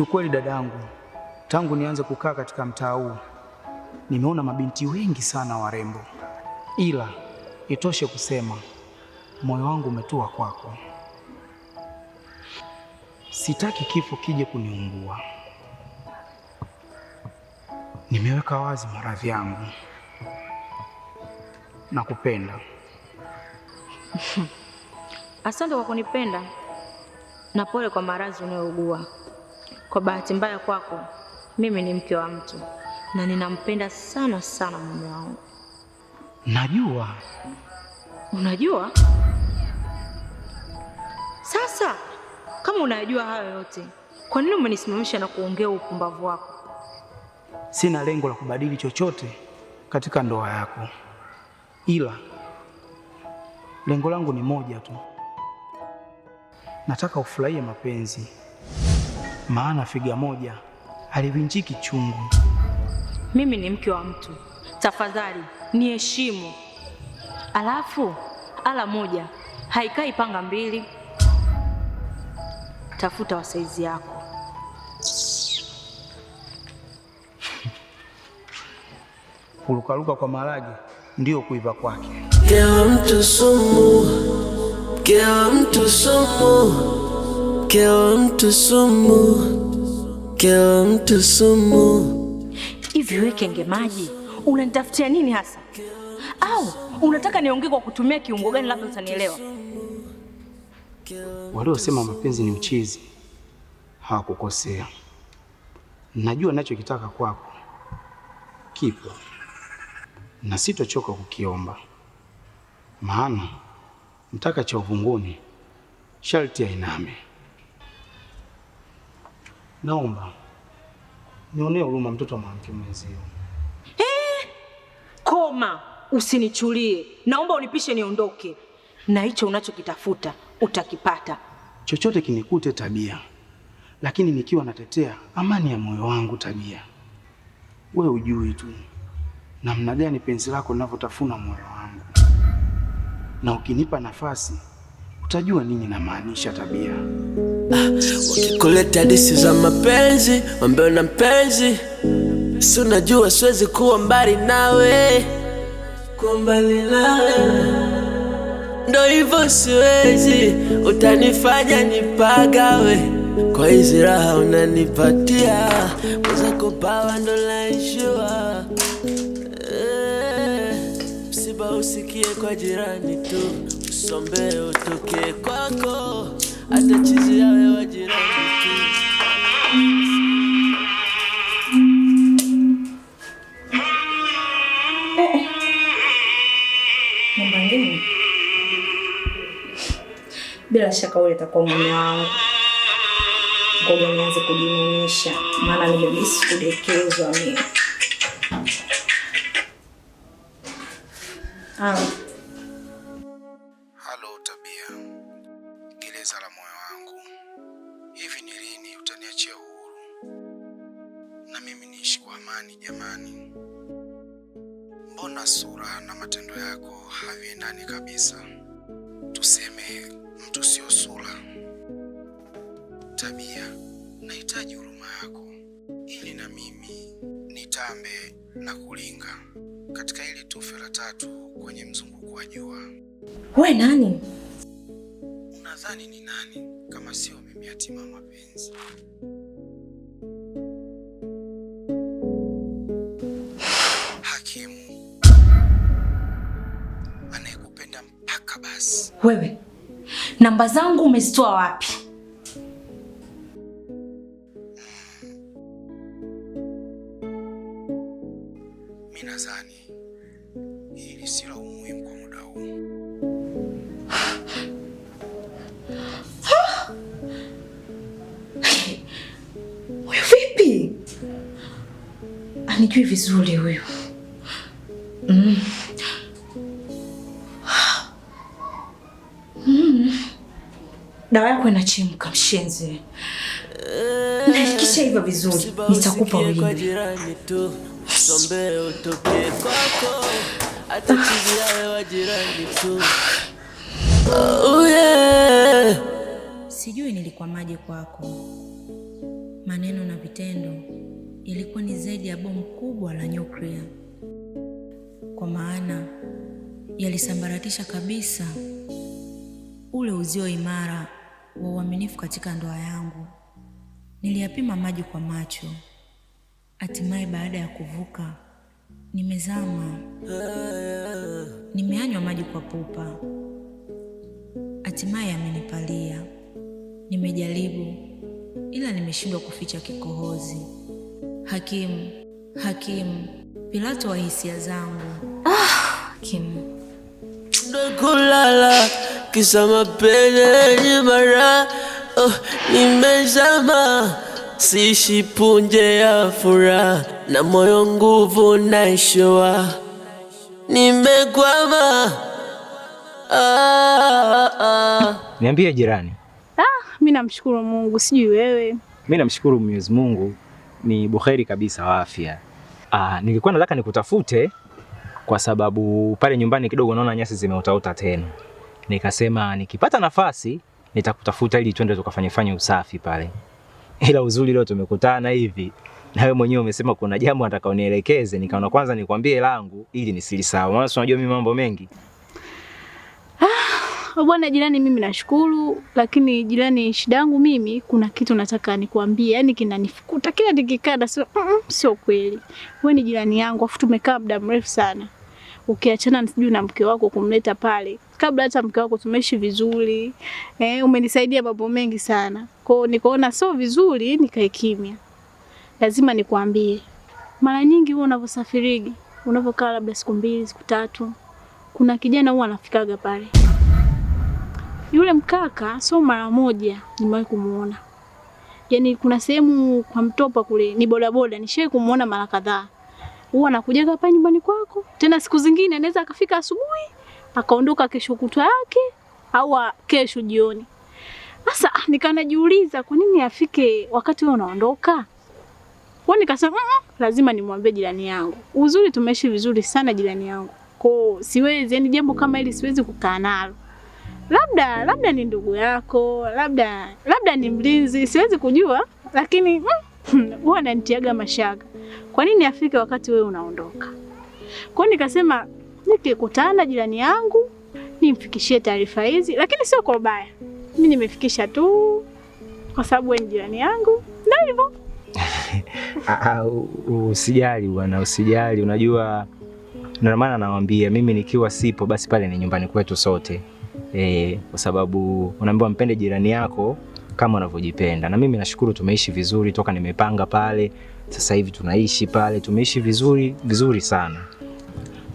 Kiukweli dadangu, tangu nianze kukaa katika mtaa huu nimeona mabinti wengi sana warembo, ila itoshe kusema moyo wangu umetua kwako. Sitaki kifo kije kuniungua. Nimeweka wazi maradhi yangu na kupenda. Asante kwa kunipenda na pole kwa maradhi unayougua. Kwa bahati mbaya kwako, mimi ni mke wa mtu na ninampenda sana sana mume wangu. Najua. Unajua? Sasa kama unayajua hayo yote, kwa nini umenisimamisha na kuongea upumbavu wako? Sina lengo la kubadili chochote katika ndoa yako, ila lengo langu ni moja tu, nataka ufurahie mapenzi maana figa moja alivinjiki chungu. Mimi ni mke wa mtu, tafadhali ni heshimu Alafu ala moja haikai panga mbili. Tafuta wasaizi yako. Kurukaruka kwa maragi ndio kuiva kwake. Mke wa mtu sumu, mke wa mtu sumu kila mtu sumu, kila mtu sumu. Hivi wewe kenge maji, unanitafutia nini hasa? Au unataka niongee kwa kutumia kiungo gani? Labda utanielewa. Waliosema mapenzi ni uchizi hawakukosea. Najua nachokitaka kwako kipo na sitochoka kukiomba, maana mtaka cha uvunguni sharti ainame. Naomba nionee huruma mtoto wa mwanamke mwenzio. Eh, koma, usinichulie. Naomba unipishe niondoke, na hicho unachokitafuta utakipata. Chochote kinikute Tabia, lakini nikiwa natetea amani ya moyo wangu. Tabia, we ujui tu namna gani penzi lako linavyotafuna moyo wangu, na ukinipa nafasi utajua nini namaanisha Tabia. Wakikuleta disi za mapenzi, wambeo na mpenzi, si unajua siwezi kuwa mbali nawe, kuwa mbali nawe ndo hivyo, siwezi utanifanya nipagawe kwa hizi raha unanipatia mweza kupawa ndo laishua eh, msiba usikie kwa jirani tu, usombee utokee kwako atachizia wewe jirani bila shaka wewe utakuwa mume wangu. Ngoja nianze kujimunisha, maana nimebisi kudekezwa mimi. Ah. havi ndani kabisa. Tuseme mtu sio sura, tabia. Nahitaji huruma yako ili na mimi nitambe na kulinga katika ili tufe la tatu kwenye mzunguko wa jua. We nani? Unadhani ni nani kama sio mimi hatima mapenzi? haraka basi. Wewe namba zangu umezitoa wapi? Mimi nadhani hili si kwa muda huu. vipi? Anijui vizuri huyu. dawa yako inachemka mshenzi, na ikisha vizuri nitakupa wewe. Sijui nilikwamaje kwako, maneno na vitendo ilikuwa ni zaidi ya bomu kubwa la nyuklia, kwa maana yalisambaratisha kabisa ule uzio imara wa uaminifu katika ndoa yangu. Niliyapima maji kwa macho, hatimaye baada ya kuvuka nimezama. Nimeanywa maji kwa pupa, hatimaye amenipalia. Nimejaribu ila nimeshindwa kuficha kikohozi. Hakimu, hakimu, Pilato wa hisia zangu, ah, hakimu kisa mapele ni mara oh, nimezama siishi punje ya furaha na moyo nguvu naishoa nimekwama. ah, ah. Niambie jirani. Ah, mi namshukuru Mungu, sijui wewe. Mi namshukuru Mwenyezi Mungu ni buheri kabisa wa afya. Ah, nilikuwa nataka nikutafute kwa sababu pale nyumbani kidogo naona nyasi zimeotaota tena nikasema nikipata nafasi nitakutafuta ili twende tukafanye fanye usafi pale. Ila uzuri leo tumekutana hivi na wewe mwenyewe umesema kuna jambo nataka unielekeze, nikaona kwanza nikwambie langu ili nisilisahau, maana unajua mimi mambo mengi. Ah, bwana jirani, mimi nashukuru, lakini jirani, shida yangu mimi, kuna kitu nataka nikwambie, yani kinanifukuta kila nikikaa, mm, sio kweli, wewe ni jirani yangu, afu tumekaa muda mrefu sana ukiachana sijui na mke wako kumleta pale, kabla hata mke wako tumeishi vizuri eh, umenisaidia mambo mengi sana. Kwa hiyo nikaona sio vizuri nikae kimya. Lazima nikwambie, mara nyingi huwa unavyosafirigi, unavyokaa labda siku mbili siku tatu, kuna kijana huwa anafikaga pale. Yule mkaka sio mara moja nimewahi kumuona, yaani kuna sehemu kwa Mtopa kule ni bodaboda, nishawahi kumuona mara kadhaa huwa anakujaga hapa nyumbani kwako. Tena siku zingine anaweza akafika asubuhi akaondoka kesho kutwa yake au kesho jioni. Sasa ah, nikanajiuliza kwa nini afike wakati wewe unaondoka? Kwa nikasema mm, lazima nimwambie jirani yangu. Uzuri tumeishi vizuri sana jirani yangu. Kwa siwezi, yani jambo kama hili siwezi kukaa nalo. Labda labda ni ndugu yako, labda labda ni mlinzi, siwezi kujua, lakini mm, huwa mm, ananitiaga mashaka. Kwa nini afike wakati wewe unaondoka? Kwa hiyo nikasema nikikutana jirani yangu nimfikishie taarifa hizi, lakini sio kwa ubaya. Mimi nimefikisha tu kwa sababu wewe ni jirani yangu, na hivyo. Usijali bwana, usijali. Unajua, ndio maana nawaambia mimi nikiwa sipo, basi pale ni nyumbani kwetu sote, eh, kwa e, sababu unaambiwa mpende jirani yako kama unavyojipenda. Na mimi nashukuru tumeishi vizuri toka nimepanga pale, sasa hivi tunaishi pale, tumeishi vizuri vizuri sana.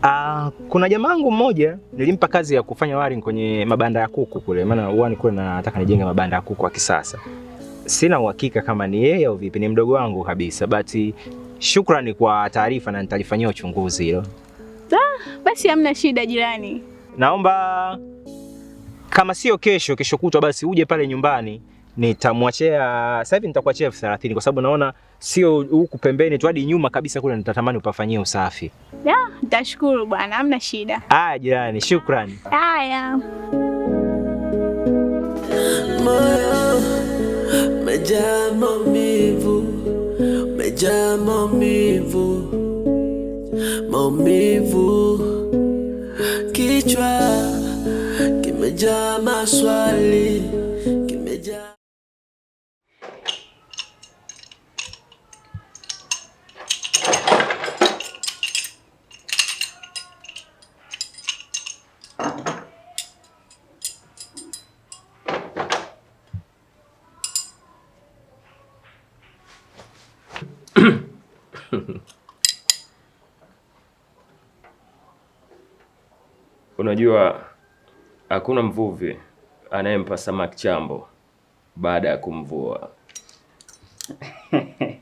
Aa, ah, kuna jamaangu mmoja nilimpa kazi ya kufanya wiring kwenye mabanda ya kuku kule, maana uani kule nataka nijenge mabanda ya kuku wa kisasa. Sina uhakika kama ni yeye au vipi, ni mdogo wangu kabisa, but shukrani kwa taarifa na nitalifanyia uchunguzi hilo. Ah, basi hamna shida jirani, naomba kama sio kesho, kesho kutwa, basi uje pale nyumbani nitamwachia sasa hivi nitakuachia elfu thelathini kwa sababu naona sio huku pembeni tu, hadi nyuma kabisa kule nitatamani upafanyie usafi. Nitashukuru bwana, hamna shida. Aya jirani, shukrani. Haya, moyo umejaa maumivu, umejaa maumivu, maumivu, kichwa kimejaa maswali Unajua hakuna mvuvi anayempa samaki chambo baada ya kumvua.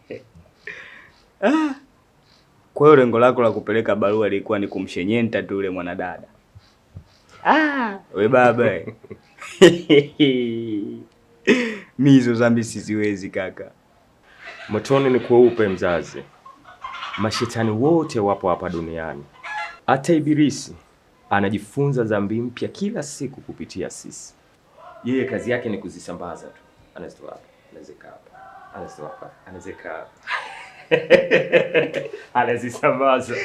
Ah, kwa hiyo lengo lako la kupeleka barua lilikuwa ni kumshenyenta tu yule mwanadada? Ah, we baba mi hizo siziwezi kaka. Motoni ni kweupe mzazi, mashetani wote wapo hapa duniani, hata Ibilisi anajifunza dhambi mpya kila siku kupitia sisi. Yeye kazi yake ni kuzisambaza tu, anazitoa hapa, anazeka hapa, anazitoa hapa, anazeka hapa, anazisambaza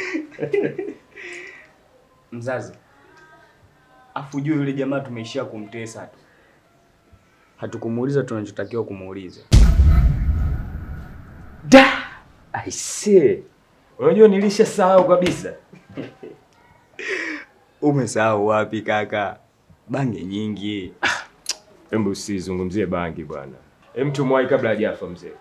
mzazi. Afu juu yule jamaa tumeishia kumtesa tu, hatukumuuliza tunachotakiwa kumuuliza. Da, I see. Unajua nilishasahau kabisa Umesahau wapi kaka? Bange nyingi. Hebu ah, usizungumzie bangi bwana. Mtu mwai kabla hajafa mzee.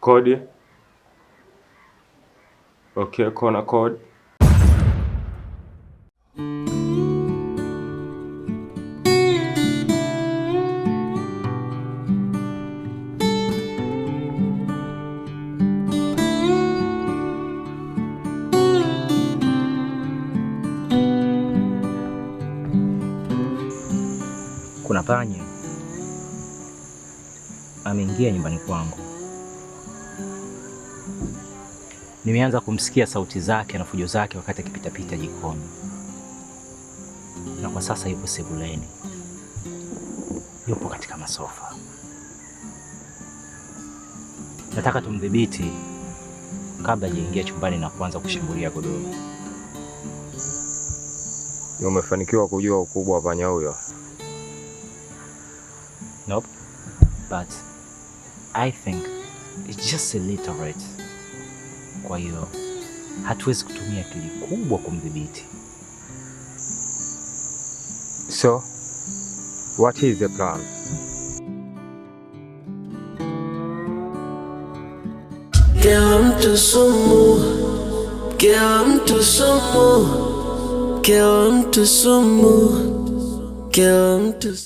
Kodi. Okay, kona kodi. kuna panya ameingia nyumbani kwangu. Nimeanza kumsikia sauti zake na fujo zake wakati akipitapita jikoni, na kwa sasa yupo sebuleni, yupo katika masofa. Nataka tumdhibiti kabla hajaingia chumbani na kuanza kushambulia godoro. Umefanikiwa kujua ukubwa wa panya huyo? Nope. But I think it's just a little right. Kwa hiyo hatuwezi kutumia akili kubwa kumdhibiti. So, what is the plan? Kila mtu sumu, kila mtu sumu, kila mtu sumu, kila mtu